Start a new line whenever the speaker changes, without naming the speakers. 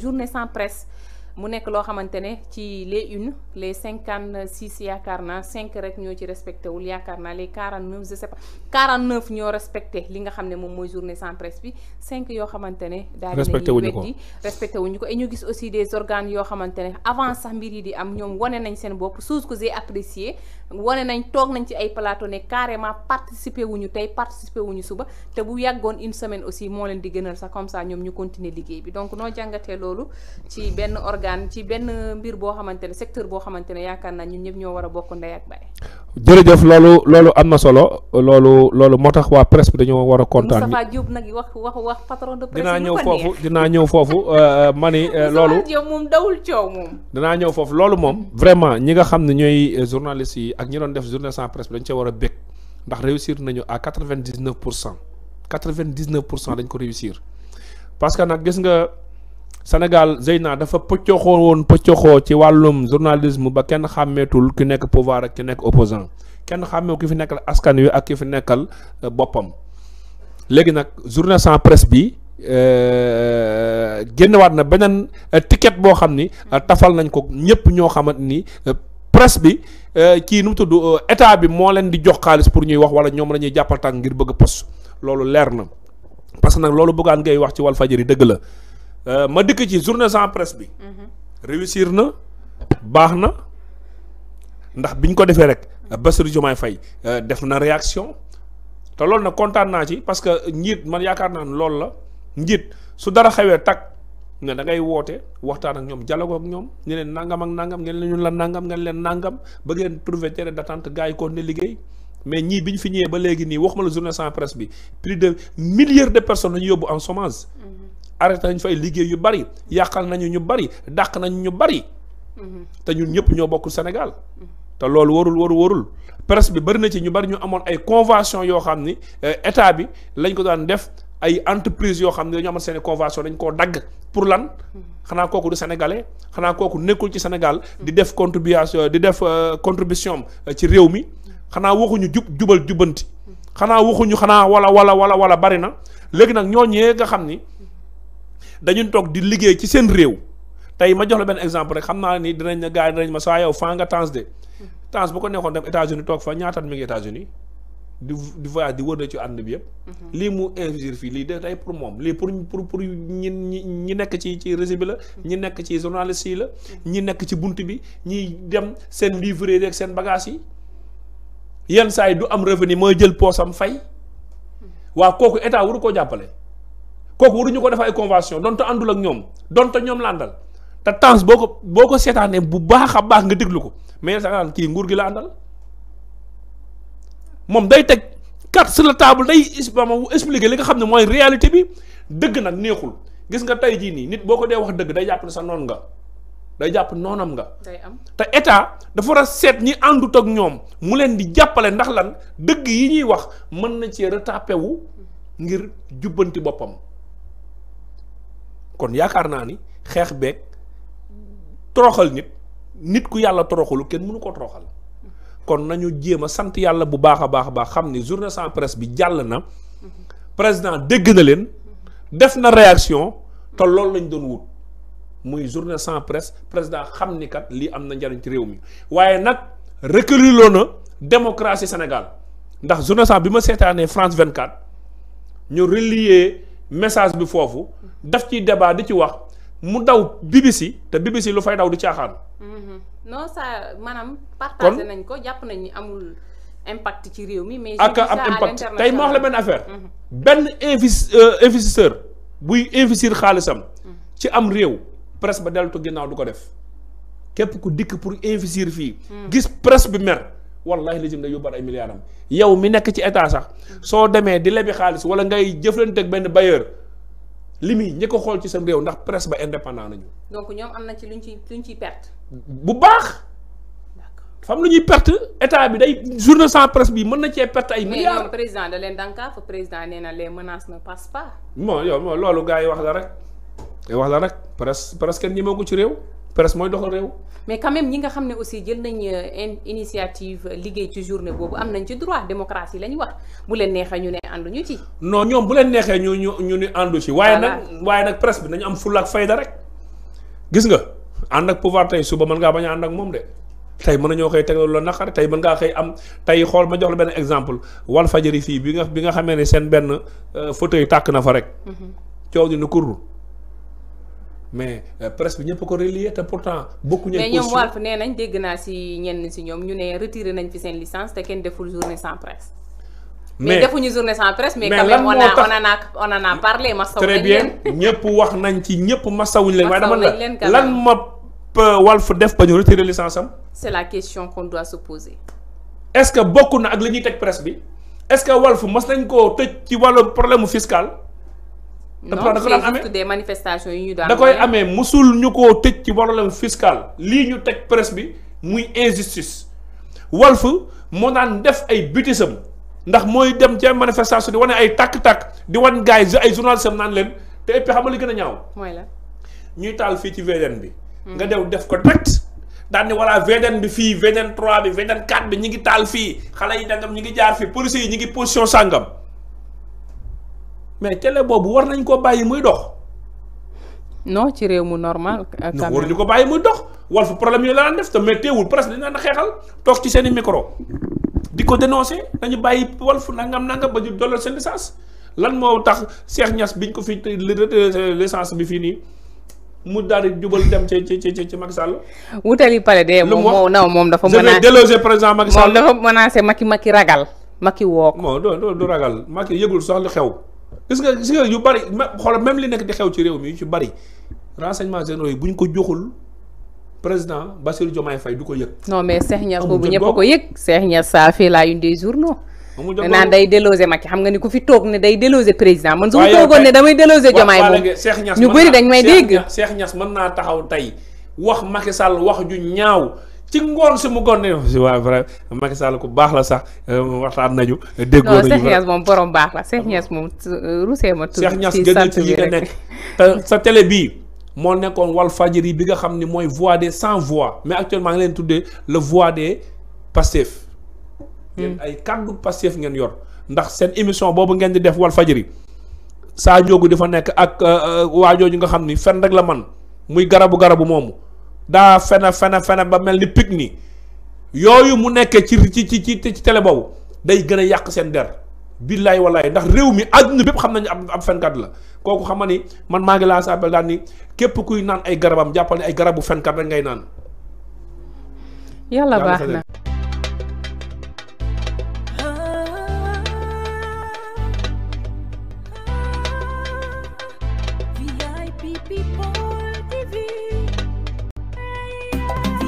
journée sans presse mu nekk loo xamante ne ci les une les cinquante six yaakaar naa cinq rek ñoo ci respecté wul yaakaar naa les quarante neuf je sais pas quarante neuf ñoo respecté li nga xam ne moom mooy journée sans presse bi cinq yoo xamante ne. daal respecté wuñu ko respecté wuñu ko et ñu gis aussi des organes yoo xamante ne avant sax mbir yi di am ñoom wane nañ seen bopp chose que j'ai apprécié wane nañ toog nañ ci ay plateau ne carrément participer wuñu tey participer wuñu suba te bu yàggoon une semaine aussi moo leen di gënal sax comme ñu continuer liggéey bi donc noo jàngatee loolu Bougane ci benn mbir boo xamante ne secteur boo xamante ne yaakaar naa ñun ñëpp ñoo war a bokk ndey ak baay.
jërëjëf loolu loolu am na solo loolu loolu moo tax waa presse bi dañoo war a kontaan. Moustapha
Diop nag wax wax wax patron de presse dinaa ñëw foofu
dinaa ñëw foofu ma euh, loolu Moustapha
Diop moom dawul coow
ñëw foofu loolu moom vraiment ñi xam ne ñooy euh, journalistes yi ak ñi doon def journée sans presse bi dañu cee war a bég ndax réussir nañu à quatre vingt dix neuf pour cent quatre vingt dix neuf pour cent dañ ko réussir parce nag gis nga. Sénégal Zeyna dafa pëccoxoo woon pëccoxoo ci wàllum journalisme ba kenn xàmmeetul ki nekk pouvoir ak ki nekk opposant kenn xàmmeewu ki fi nekkal askan wi ak ki fi nekkal euh, boppam léegi nag journée sans presse bi euh, génnewaat na beneen euh, ticket boo xam ni tafal nañ ko ñëpp ñoo xamante ni presse bi kii nu mu tudd état bi moo leen di jox xaalis pour ñuy wax wala ñoom lañuy ñuy jàppal tànk ngir bëgg poste loolu leer na parce que nag loolu bëggaan ngay wax ci Walfadjri dëgg la Euh, ma dikk ci journée sans presse bi. réussir na baax na ndax bi biñ ko defee rek Bassirou Diomaye Faye euh, def na réaction te loolu na kontaan naa ci parce que njiit ma yaakaar naa ne loolu la njiit su dara xewee takk ne da ngay woote waxtaan ak ñoom dialogue ak ñoom ñu leen nangam ak nangam ngeen leen ñun la nangam ngeen leen nangam ba ngeen trouver terrain d'attente gars yi ko ne liggéey mais ñii bi ñu fi ñëwee ba léegi nii waxuma la journée sans presse bi plus de milliers de personnes la ñu yóbbu arrêté nañ fay liggéey yu bari yàqal nañu ñu bari dàq nañ ñu bari mm-hmm. te ñun ñëpp ñoo bokkul Sénégal te loolu warul warul warul presse bi bari na ci ñu bari ñu amoon ay convention yoo xam ni eh, état bi lañ ko daan def ay entreprise yoo xam ne dañu amoon seen convention dañ koo dagg pour lan mm-hmm. xanaa kooku du sénégalais xanaa kooku nekkul ci Sénégal di def contribuation di def euh, contribution euh, ci réew mi xanaa waxuñu jub jubal jubbanti mm-hmm. xanaa waxuñu xanaa wala wala wala wala bari na léegi nag ñooñee nga xam ni dañu toog di liggéey ci seen réew tey ma jox la benn exemple rek xam naa ni dinañ ne gars yi dinañ ma saa yow faa nga Tange de Tange bu ko neexoon dem États-Unis toog fa ñaataat mi ngi États-Unis di di voyage di wër na ci ànd bi yëpp. Mhm. lii mu investir fii lii day pour moom lii pour pour pour ñi ñi nekk ci ci réseau bi la. ñi nekk ci journaliste yi la. ñi nekk ci bunt bi ñiy dem seen livre yi ak seen bagage yi yenn saa yi du am revenu mooy jël poosam fay. Mhm. waa kooku état waru koo jàppale. koku waruñu ko def ay convention donte àndul ak ñoom donte ñoom la àndal te temps boko boko boo ko bu baax a baax nga déglu mais sa ki kii nguur gi la àndal day tek kat sur la table day isbama wu expliquer li nga xam ne réalité bi dëgg nag neexul gis nga tay jii nit boko de wah wax dëgg day jàpp ne sa noon nga day jàpp noonam nga. day am te état dafa set ni ñi àndut ak mu di jàppale ndax lan dëgg yi ñuy wax mën na cee retapé wu ngir jubbanti kon yaakaar naa ni xeex beeg toroxal nit nit ku yàlla toroxalu kenn mënu ko toroxal kon nañu jéem a sant yàlla bu baax a baax a baax xam ni journée sans presse bi jàll na président dégg na leen def na réaction te loolu lañ doon wut muy journée sans presse président xam ni kat lii am na njariñ ci réew mi waaye nag reculé na démocratie Sénégal ndax journée sans bi ma seetaanee France 24 ñu relier. message bi foofu daf ciy débat di ci wax mu daw BBC te BBC lu fay daw di caaxaan.
Mm-hmm. non ça maanaam. partagé nañ ko jàpp nañ ni amul impact ci réew mi. mais ak am impact tey ma wax la benn affaire. Mm-hmm.
benn invest euh, investisseur buy investir xaalisam. Mm-hmm. ci am réew presse ba deltu ginnaaw du ko def képp ku dikk pour investir fii. gis presse bi mer. wallahi légim day yóbbaat ay milliards yow mi nekk ci état sax soo demee di lebi xaalis wala ngay jëflanteeg benn bailleur li muy ñi ko xool ci seen réew ndax presse ba indépendant nañu.
donc ñoom am na ci luñ ci luñ ciy perte.
bu baax. fam lu ñuy perte état bi day journée sans presse bi mën na cee perte ay. milliards mais
président da leen dànkaaf président nee na les na ne passent pas.
bon yow loolu gars yi wax la rek. wax la rek presse presse kenn ñemewu ci réew. presse moy doxal rew
mais quand même ñi nga xamné aussi jël nañ euh, initiative euh, liggéey ci journée bobu am nañ ci droit démocratie la wax bu len nexé ñu né andu ñu ci
non ñom bu len nexé ñu ñu ñu andu ci waye nak waye nak presse bi nañu am fulak fayda rek gis nga and ak pouvoir tay suba man nga baña and ak mom dé tay mëna ñoo xey tegal lo nakar tay mën nga xey am tay xol ma jox la ben exemple wal fajari fi bi nga bi nga xamé ne sen ben euh, fauteuil tak na fa rek mhm. di nu kurru mais euh, presse bi ñëpp ko relier té pourtant bokkuñu. mais ñom Walf
né nañ dégg na ci ñenn ci ñom ñu né retiré nañ fi sen licence té kenn deful journée sans presse. mais defu defuñu journée sans presse. mais quand même on a on en a parlé masawu nañ leen
très bien ñëpp wax nañ ci ñëpp masawuñ leen. way dama la lan ma euh, Walf def ba ñu retiré licence am.
c'est la question qu'on doit se poser.
est-ce que bokk na ak li ñuy presse bi est-ce que Walf mas nañ ko tecc ci walu problème fiscal. te pourtant da ko
amee des manifestations yi ñu daan da koy
amee musul ñu ko tëj ci problème fiscal lii ñu teg presse bi muy injustice walfu moo daan def ay butisam ndax mooy dem ci manifestation di wane ay takk tàkk di wan gars ay journaliste am naan leen te et xam nga li gën a ñaaw. mooy la ñuy taal fii ci VDN bi. Hmm. nga dew def ko direct. daan ne voilà VDN bi fii VDN 3 bi VDN 4 bi ñu ngi taal fii xale yi dangam ñu ngi jaar fii policiers yi ñu ngi position sàngam. mais télé boobu war nañ koo bàyyi muy dox.
non ci réew mu normal. ak
caméra waruñu ko bàyyi muy dox. Walf problème yi la daan def te mais téewul presque dañu naan xeexal toog ci seen i micro di ko dénoncé nañu bàyyi fu nangam nangam ba ñu dollal seen licence lan moo tax Cheikh bi biñ ko fi licence bi fii nii. mu daal di jubal dem ci ci ci ci Macky Sall.
wutali pare de moom moo moom dafa. menacé je vais déloger président Macky Sall moom dafa menacé Macky Macky ragal
Macky wook. non du ragal Macky yëgul sax lu xew. gis nga gis nga yu bari xol même li nek di xew ci rew mi ci bari renseignement généraux yi bu ko joxul président Bassir Diomaye Faye du ko yëg.
non mais Cheikh Niass boobu ñëpp ko yëg. Cheikh Niass ça fait la une des journaux.
amul day
déloger Macky xam nga ni ku fi tok ne day déloger président
man. su togon ne damay déloger Diomaye moom ñu bari dañ may dégg. Cheikh Niass man na taxaw tay wax Macky Sall wax ju ñaaw. ci ngoon si mu gon ne si waaw vrai Macky baax la sax euh, waxtaan nañu. déggoo nañu non Cheikh Niass
moom borom baax la Cheikh Niass moom euh, rusee ma. tur ci sant bi rek
sa télé bii. moo nekkoon wal fajiri bi nga xam ni mooy voix des sans voix mais actuellement nga leen tuddee le voix des Pastef. ngeen ay kàddu Pastef ngeen yor ndax seen émission boobu ngeen di def wal fajiri saa joogu dafa nekk ak euh, waa jooju nga xam ni fen rek la man muy garabu garabu moomu. daa fena fena fena ba mel ni pig ni yooyu mu nekkee ci ci ci ci ci télé day gën a yàq seen der billaay wallaay ndax réew mi àdduna bépp xam nañu ab ab fenkat la kooku xam ni man maa ngi laa sa appel daal ni képp kuy naan ay garabam jàppale ne ay garabu fenkat rek ngay naan
yàlla baax na